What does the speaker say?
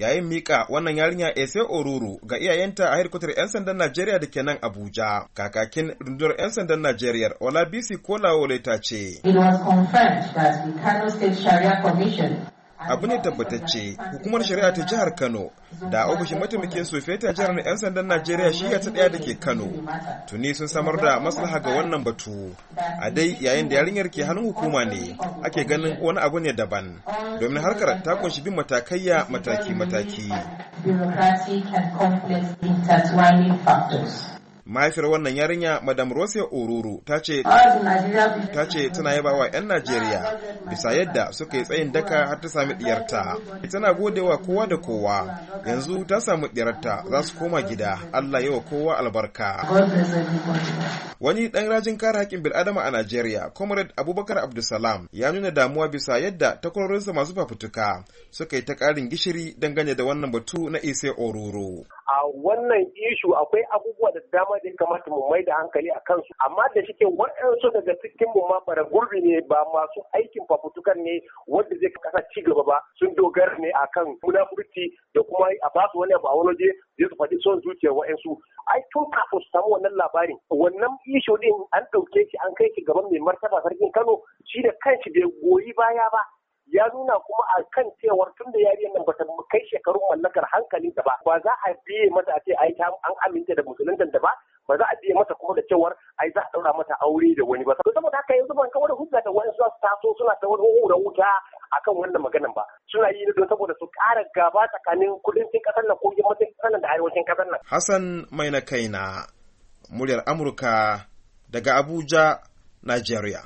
yayin mika wannan yarinya Ese Oruru ga iyayenta a hedkwatar 'yan sandan Najeriya da ke nan Abuja. Kakakin rundunar 'yan sandan Najeriya Olabisi Kolawole ta ce. It was confirmed that the Kano State Sharia Commission abu ne tabbatacce hukumar shari'a ta jihar kano da ofishin mataimakin sofeta jihar na 'yan sandan najeriya shiya ta daya da ke kano tuni sun samar da maslaha ga wannan batu a dai yayin da yarinyar ke hannun hukuma ne ake ganin wani abu ne daban domin harkar ta kunshi bin matakaiya mataki-mataki mahaifiyar wannan yarinya madam Rose ororo ta ce ta ce tana yaba wa 'yan najeriya bisa yadda suka yi tsayin daka har ta sami diyarta tana gode wa kowa da kowa yanzu ta samu diyarta za su koma gida allah yawa kowa albarka wani ɗan rajin kare haƙƙin bil'adama a najeriya comrade abubakar abdulsalam ya nuna damuwa bisa yadda takwarorinsa masu fafutuka suka yi ta ƙarin gishiri dangane da wannan batu na ise ororo a wannan ishu akwai abubuwa da dama da kamata mu mai da hankali a kansu amma da shike waɗansu daga cikin mu ma bara gurbi ne ba masu aikin fafutukan ne wanda zai kasa ci gaba ba sun dogara ne akan munafurci da kuma a basu wani abu a wani waje zai su faɗi son zuciyar waɗansu ai tun kafin su samu wannan labarin wannan ishu ɗin an ɗauke shi an kai shi gaban mai martaba sarkin Kano shi da kanshi bai goyi baya ba ya nuna kuma a kan cewar tun da yariyar nan bata kai shekarun mallakar hankali da ba ba za a biye mata a ce ai an aminta da musulunta da ba ba za a biye mata kuma da cewar ai za a daura mata aure da wani ba to saboda haka yanzu ban kawar hujja da wani su taso suna ta wani hura wuta akan wannan maganan ba suna yi don saboda su ƙara gaba tsakanin kudin cin ƙasar nan ko yammacin ƙasar nan da arewacin ƙasar nan Hassan Maina Kaina muryar Amurka daga Abuja Nigeria